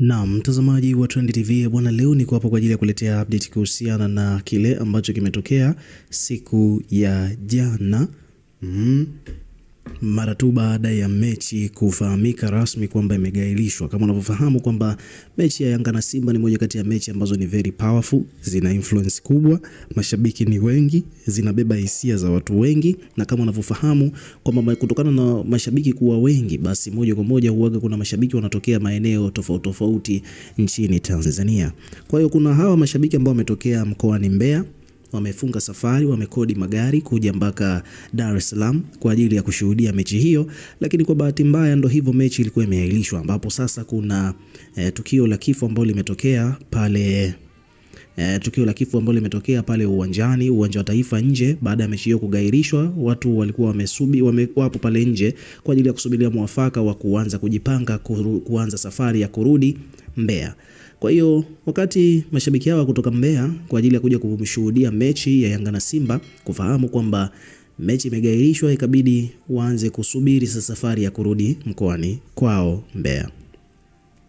Na mtazamaji wa Trend TV bwana, leo niko hapa kwa ajili ya kuletea update kuhusiana na kile ambacho kimetokea siku ya jana mm mara tu baada ya mechi kufahamika rasmi kwamba imegailishwa. Kama unavyofahamu kwamba mechi ya Yanga na Simba ni moja kati ya mechi ambazo ni very powerful, zina influence kubwa, mashabiki ni wengi, zinabeba hisia za watu wengi, na kama unavyofahamu kwamba kutokana na mashabiki kuwa wengi, basi moja kwa moja huaga kuna mashabiki wanatokea maeneo tofauti tofauti nchini Tanzania. Kwa hiyo kuna hawa mashabiki ambao wametokea mkoani Mbeya wamefunga safari, wamekodi magari kuja mpaka Dar es Salaam kwa ajili ya kushuhudia mechi hiyo, lakini kwa bahati mbaya ndo hivyo, mechi ilikuwa imeahirishwa, ambapo sasa kuna e, tukio la kifo ambalo limetokea pale E, tukio la kifo ambalo limetokea pale uwanjani, uwanja wa Taifa nje. Baada ya mechi hiyo kugairishwa, watu walikuwa wamesubi wapo pale nje kwa ajili ya kusubiria mwafaka wa kuanza kujipanga, kuanza safari ya kurudi Mbeya. Kwa hiyo wakati mashabiki hawa kutoka Mbeya kwa ajili ya kuja kumshuhudia mechi ya Yanga na Simba, kufahamu kwamba mechi imegairishwa, ikabidi waanze kusubiri sasa safari ya kurudi mkoani kwao Mbeya,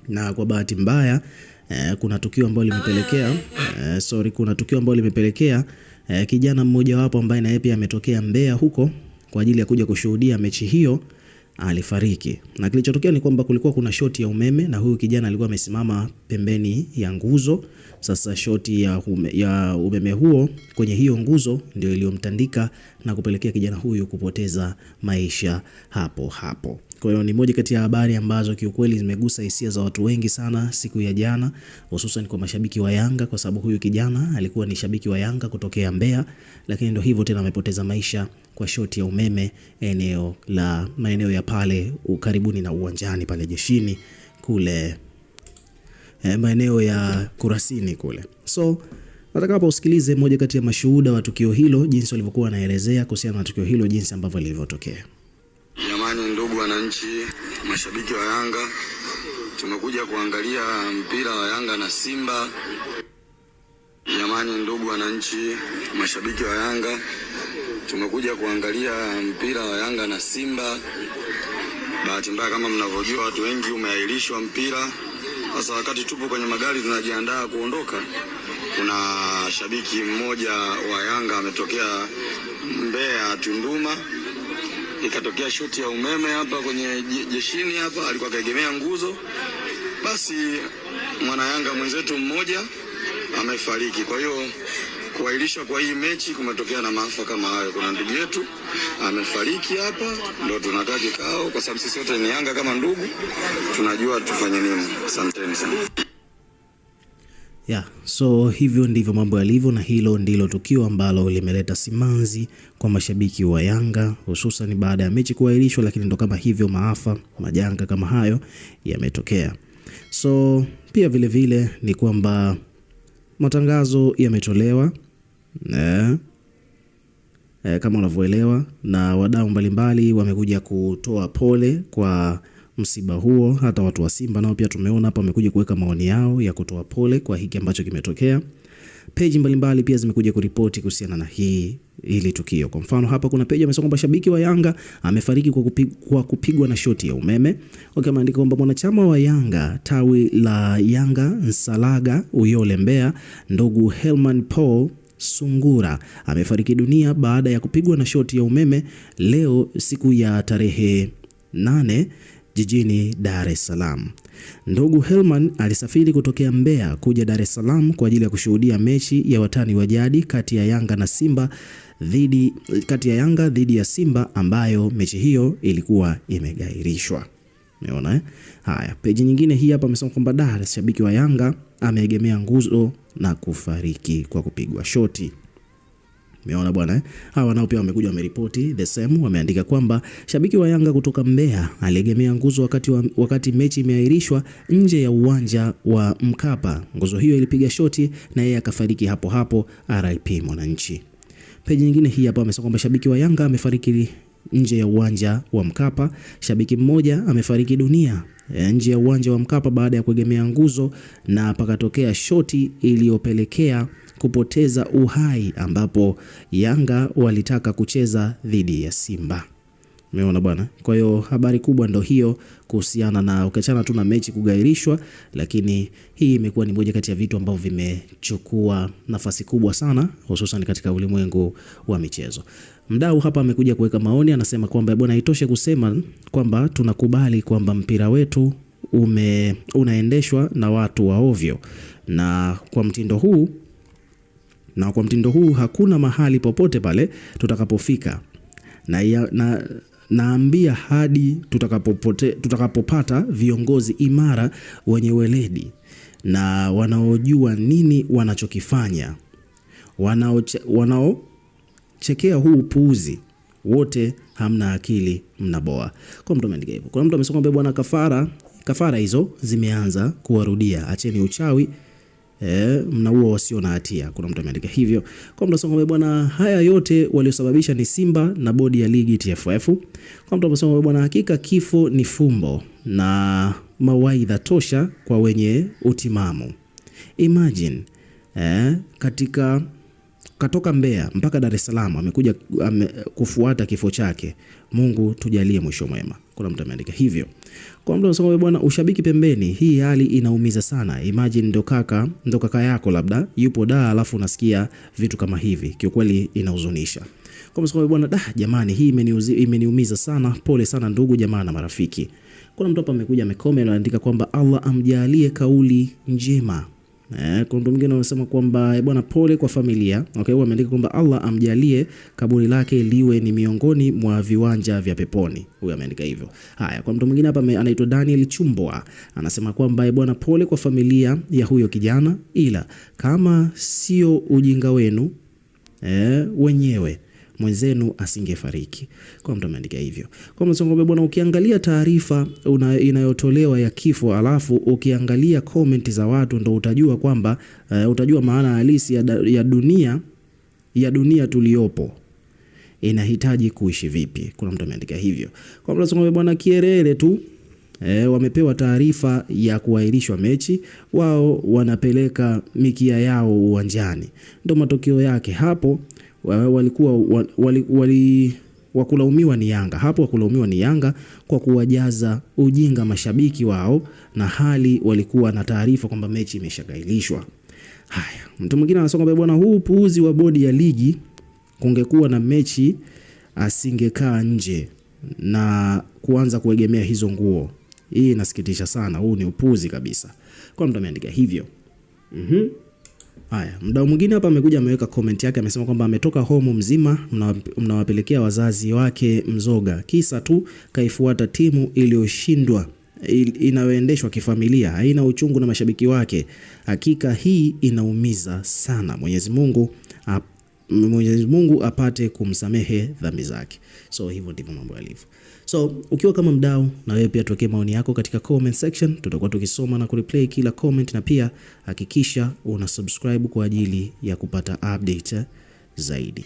na kwa bahati mbaya eh, kuna tukio ambalo limepelekea eh, sorry, kuna tukio ambalo limepelekea eh, kijana mmojawapo ambaye naye pia ametokea Mbeya huko kwa ajili ya kuja kushuhudia mechi hiyo alifariki. Na kilichotokea ni kwamba kulikuwa kuna shoti ya umeme na huyu kijana alikuwa amesimama pembeni ya nguzo. Sasa shoti ya, ume, ya umeme huo kwenye hiyo nguzo ndio iliyomtandika na kupelekea kijana huyu kupoteza maisha hapo hapo. Kwa hiyo ni moja kati ya habari ambazo kiukweli zimegusa hisia za watu wengi sana siku ya jana, hususan kwa mashabiki wa Yanga, kwa sababu huyu kijana alikuwa ni shabiki wa Yanga kutokea Mbeya, lakini ndio hivyo tena, amepoteza maisha kwa shoti ya umeme eneo la maeneo ya pale karibuni na uwanjani pale jeshini kule eh, maeneo ya Kurasini kule. So nataka hapa usikilize moja kati ya mashuhuda wa tukio hilo, jinsi walivyokuwa wanaelezea kuhusiana na tukio hilo, jinsi ambavyo lilivyotokea amani, ndugu wananchi, mashabiki wa Yanga, tumekuja kuangalia mpira wa Yanga na Simba. Jamani, ndugu wananchi, mashabiki wa Yanga, tumekuja kuangalia mpira wa Yanga na Simba. Bahati mbaya kama mnavyojua, watu wengi umeahirishwa mpira. Sasa wakati tupo kwenye magari tunajiandaa kuondoka, kuna shabiki mmoja wa Yanga ametokea Mbeya, Tunduma ikatokea shuti ya umeme hapa kwenye jeshini hapa, alikuwa kaegemea nguzo. Basi mwanayanga mwenzetu mmoja amefariki. Kwa hiyo kuahirishwa kwa hii mechi kumetokea na maafa kama hayo. Kuna ndugu yetu amefariki hapa, ndo tunakaa kikao, kwa sababu sisi wote ni Yanga kama ndugu, tunajua tufanye nini. Asanteni sana. Yeah, so hivyo ndivyo mambo yalivyo, na hilo ndilo tukio ambalo limeleta simanzi kwa mashabiki wa Yanga hususan baada ya mechi kuahirishwa, lakini ndo kama hivyo maafa majanga kama hayo yametokea. So pia vile vile ni kwamba matangazo yametolewa yeah. E, eh, kama unavyoelewa na wadau mbalimbali wamekuja kutoa pole kwa msiba huo. Hata watu wa Simba nao pia tumeona hapa wamekuja kuweka maoni yao ya kutoa pole kwa hiki ambacho kimetokea. Peji mbalimbali pia zimekuja kuripoti kuhusiana na hii hili tukio. Kwa mfano, hapa kuna peji amesema kwamba shabiki wa Yanga amefariki kwa, kupi, kwa kupigwa na shoti ya umeme. Okay, ameandika kwamba mwanachama wa Yanga tawi la Yanga Nsalaga Uyole Mbeya, ndugu Helman Paul Sungura amefariki dunia baada ya kupigwa na shoti ya umeme leo siku ya tarehe nane jijini Dar es Salaam. Ndugu Helman alisafiri kutokea Mbeya kuja Dar es Salaam kwa ajili ya kushuhudia mechi ya watani wa jadi kati ya Yanga na Simba dhidi kati ya Yanga dhidi ya Simba ambayo mechi hiyo ilikuwa imegairishwa. Umeona eh? Haya, peji nyingine hii hapa amesema kwamba Dar, shabiki wa Yanga ameegemea nguzo na kufariki kwa kupigwa shoti. Umeona bwana eh? Hawa nao pia wamekuja wameripoti the same, wameandika kwamba shabiki wa Yanga kutoka Mbeya aliegemea nguzo wakati, wa, wakati mechi imeahirishwa nje ya uwanja wa Mkapa. Nguzo hiyo ilipiga shoti na yeye akafariki hapo hapo, RIP Mwananchi. Peji nyingine hii hapa amesema kwamba shabiki wa Yanga amefariki nje ya uwanja wa Mkapa, shabiki mmoja amefariki dunia nje ya uwanja wa Mkapa baada ya kuegemea nguzo na pakatokea shoti iliyopelekea kupoteza uhai ambapo Yanga walitaka kucheza dhidi ya Simba. Umeona bwana. Kwa hiyo habari kubwa ndo hiyo kuhusiana na ukiachana tu na mechi kugairishwa, lakini hii imekuwa ni moja kati ya vitu ambavyo vimechukua nafasi kubwa sana, hususan katika ulimwengu wa michezo. Mdau hapa amekuja kuweka maoni, anasema kwamba bwana, itoshe kusema kwamba tunakubali kwamba mpira wetu ume, unaendeshwa na watu wa ovyo na kwa mtindo huu na kwa mtindo huu hakuna mahali popote pale tutakapofika na, ya, na naambia hadi tutakapopote, tutakapopata viongozi imara wenye weledi na wanaojua nini wanachokifanya, wanaochekea wanao huu upuuzi wote, hamna akili, mnaboa. Kwa mtu ameandika hivyo. Kuna mtu amesema kwamba bwana, kafara kafara hizo zimeanza kuwarudia, acheni uchawi eh, mnaua wasio na hatia. Kuna mtu ameandika hivyo kwa mtu asema bwana, haya yote waliosababisha ni Simba na bodi ya ligi TFF. Kwa mtu asema bwana, hakika kifo ni fumbo na mawaidha tosha kwa wenye utimamu. Imagine eh, katika katoka Mbeya mpaka Dar es Salaam amekuja ame, kufuata kifo chake. Mungu tujalie mwisho mwema. Kuna mtu ameandika hivyo. Kwa mtu anasema wewe bwana, ushabiki pembeni, hii hali inaumiza sana. Imagine ndo kaka ndo kaka yako labda yupo da, alafu unasikia vitu kama hivi, kiukweli inahuzunisha. Kwa msikoe bwana, da jamani, hii imeniumiza sana, pole sana ndugu jamaa na marafiki. Kuna mtu hapa amekuja amekome anaandika kwamba Allah amjalie kauli njema. Eh, kuna mtu mwingine anasema kwamba eh, bwana pole kwa familia. Okay, huyu ameandika kwamba Allah amjalie kaburi lake liwe ni miongoni mwa viwanja vya peponi. Huyu ameandika hivyo. Haya, kwa mtu mwingine hapa anaitwa Daniel Chumbwa. Anasema kwamba eh, bwana pole kwa familia ya huyo kijana ila kama sio ujinga wenu eh, wenyewe mwenzenu asingefariki. Kwa mtu ameandika hivyo. Kwa msongo bwana, ukiangalia taarifa inayotolewa ya kifo alafu ukiangalia comment za watu ndo utajua kwamba uh, utajua maana halisi ya, ya dunia ya dunia tuliyopo inahitaji kuishi vipi. Kuna mtu ameandika hivyo. Kwa msongo bwana, Kierere tu E, wamepewa taarifa ya kuahirishwa mechi, wao wanapeleka mikia yao uwanjani, ndo matokeo yake hapo walikuwa wali, wali, wakulaumiwa ni Yanga hapo, wakulaumiwa ni Yanga kwa kuwajaza ujinga mashabiki wao, na hali walikuwa na taarifa kwamba mechi imeshagailishwa. Haya, mtu mwingine anasema kwamba bwana, huu upuuzi wa bodi ya ligi, kungekuwa na mechi asingekaa nje na kuanza kuegemea hizo nguo. Hii inasikitisha sana, huu ni upuzi kabisa. Kwa mtu ameandika hivyo. mm -hmm. Haya, mdau mwingine hapa amekuja ameweka comment yake, amesema kwamba ametoka home mzima, mnawapelekea wazazi wake mzoga, kisa tu kaifuata timu iliyoshindwa inayoendeshwa kifamilia, haina uchungu na mashabiki wake. Hakika hii inaumiza sana. Mwenyezi Mungu Mwenyezi Mungu apate kumsamehe dhambi zake. So hivyo ndivyo mambo yalivyo. So ukiwa kama mdau, na wewe pia tuwekee maoni yako katika comment section, tutakuwa tukisoma na kureplay kila comment, na pia hakikisha una subscribe kwa ajili ya kupata update zaidi.